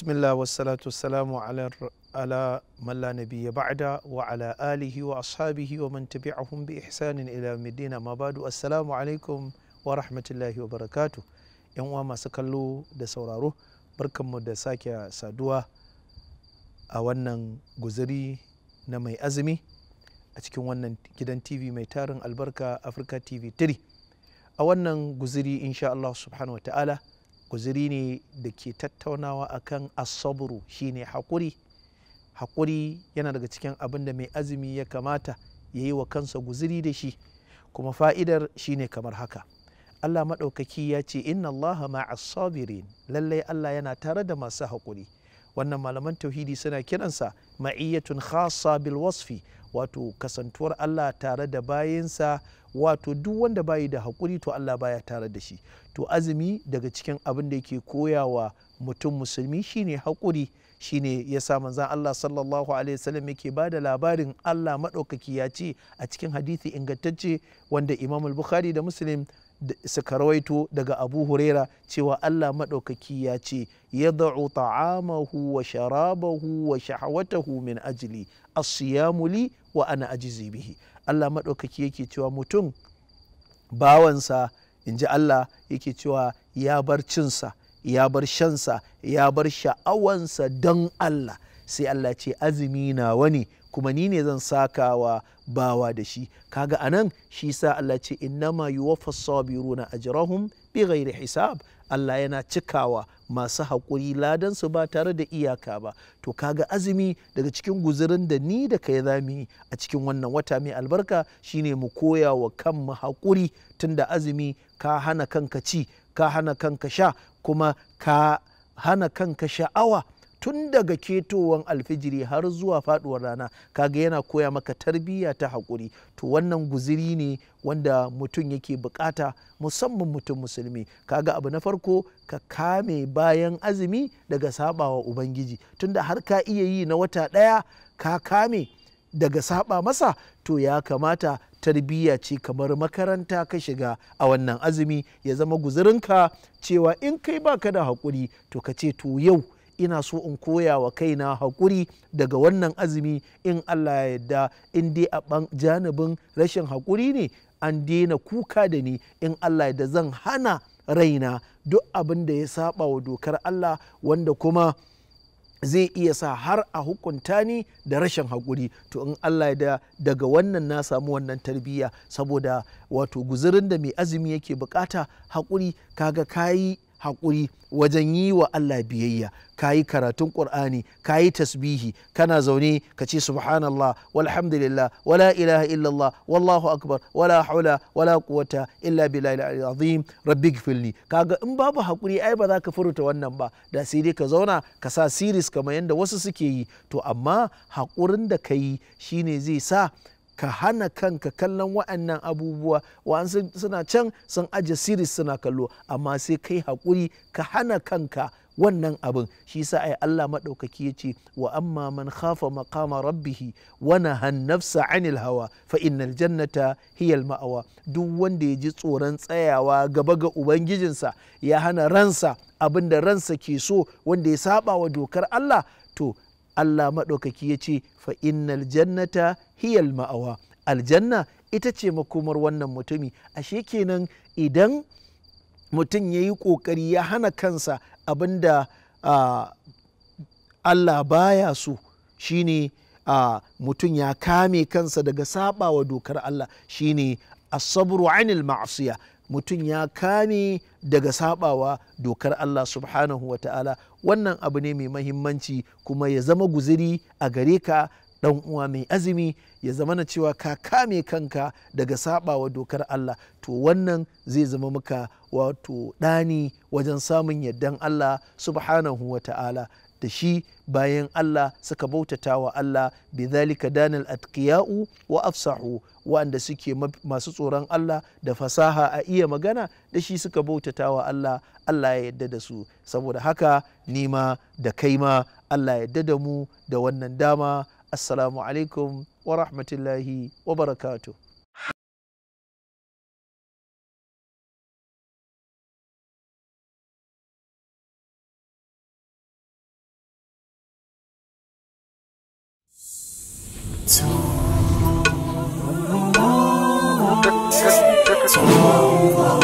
bismillah wassalatu wassalamu ala ala malla nabiyya ba'da wa ala alihi wa ashabihi wa man tabi'ahum bi ihsanin ila medina ma badu assalamu alaikum wa rahmatullahi wa barakatu yan uwa masu kallo da sauraro barkanmu da sake saduwa a wannan guzuri na mai azumi a cikin wannan gidan tv mai tarin albarka africa tv 3 a wannan guzuri insha Allah subhanahu wa ta'ala guziri ne da ke tattaunawa akan asabru shine haƙuri haƙuri yana daga cikin abin da mai azumi ya kamata ya yi wa kansa guziri da shi kuma fa'idar shine kamar haka Allah maɗaukaki ya ce inna Allah ma'as sabirin lallai Allah yana tare da masu haƙuri wannan malaman tauhidi suna kiransa ma'iyyatun khassa bil wasfi wato kasantuwar Allah tare da bayinsa wato duk wanda bayi da haƙuri to Allah baya tare da shi to azumi daga cikin abin da yake koyawa mutum musulmi shine haƙuri shine ya sa manzan Allah sallallahu alaihi wasallam yake ba da labarin Allah maɗaukaki ya ce a cikin hadithi ingantacce wanda Imam al-Bukhari da Muslim suka rawaito daga abu huraira cewa allah maɗaukaki ya ce ya da'u ta'amahu wa sharabahu wa shahawatahu min ajili asiyamu wa ana ajizi bihi allah maɗaukaki yake cewa mutum bawansa in ji allah yake cewa ya bar cinsa ya bar shansa ya bar sha'awansa don allah sai allah ce azumi na wani. kuma ni ne zan sakawa bawa da shi kaga anan shi sa Allah ce innama yuwaffas sabiruna ajrahum bighairi hisab Allah yana cikawa masu haƙuri ladan su ba tare da iyaka ba to kaga azumi daga cikin guzurin da ni da kai za mu yi a cikin wannan wata mai albarka shine mu koya wa kanmu haƙuri tunda azumi ka hana kanka ci ka hana kanka sha kuma ka hana kanka sha'awa tun daga ketowar alfijiri har zuwa faduwar rana kaga yana koya maka tarbiyya ta haƙuri to wannan guziri ne wanda mutum yake bukata musamman mutum musulmi kaga abu na farko ka kame bayan azumi daga sabawa ubangiji tunda har ka iya yi na wata ɗaya ka kame daga saba masa to ya kamata tarbiyya ce kamar makaranta ka shiga a wannan azumi ya zama guzirinka. cewa in kai baka da haƙuri to ka ce to yau ina so in koya wa kaina hakuri daga wannan azumi in Allah ya yarda in dai a janibin rashin hakuri ne an daina kuka da ni in Allah ya yarda zan hana raina duk abin da ya saba wa dokar Allah wanda kuma zai iya sa har a hukunta ni da rashin hakuri to in Allah ya da daga wannan na samu wannan tarbiyya saboda wato guzurin da mai azumi yake bukata haƙuri kaga kayi haƙuri wajen yi wa Allah biyayya ka yi karatun ƙur'ani ka yi tasbihi kana zaune ka ce subhanallah walhamdulillah wala ilaha illallah wallahu akbar wala haula wala quwwata illa billahi al-azim rabbi gfirli kaga in babu haƙuri ai ba za ka furta wannan ba da sai dai ka zauna ka sa siris kamar yadda wasu suke yi to amma haƙurin da ka yi shine zai sa ka hana kanka kallon wa'annan abubuwa wa'an suna can sun aje siris suna kallo amma sai kai haƙuri ka hana kanka wannan abin shi sa ai Allah maɗaukaki ya ce wa amma man khafa maqama rabbihi wa nahan nafsa anil hawa fa innal jannata al ma'awa duk wanda ya ji tsoron tsayawa gaba ga ubangijinsa ya hana ransa abinda ransa ke so wanda ya saba wa dokar Allah to Allah maɗaukaki ya ce fa innal jannata hiyal ma'awa aljanna ita ce makomar wannan mutumi ashe kenan idan mutum ya yi ƙoƙari ya hana kansa abinda da Allah baya so shine mutum ya kame kansa daga saɓawa dokar Allah shine asabru anil ma'asiya mutum ya kame daga sabawa dokar Allah subhanahu wa ta'ala wannan abu ne mai mahimmanci kuma ya zama guziri a gare ka dan uwa mai azumi ya zama na cewa ka kame kanka daga sabawa dokar Allah to wannan zai zama maka wato ɗani wajen samun yardan Allah subhanahu wa ta'ala da shi bayan Allah suka bautata wa Allah bi zalika danal atqiya'u wa afsahu wa'anda suke masu tsoron Allah da fasaha a iya magana da shi suka bautata wa Allah Allah ya yadda da su saboda haka nima da kai ma Allah ya yadda da mu da wannan dama assalamu alaikum wa rahmatullahi wa barakatuh It's over.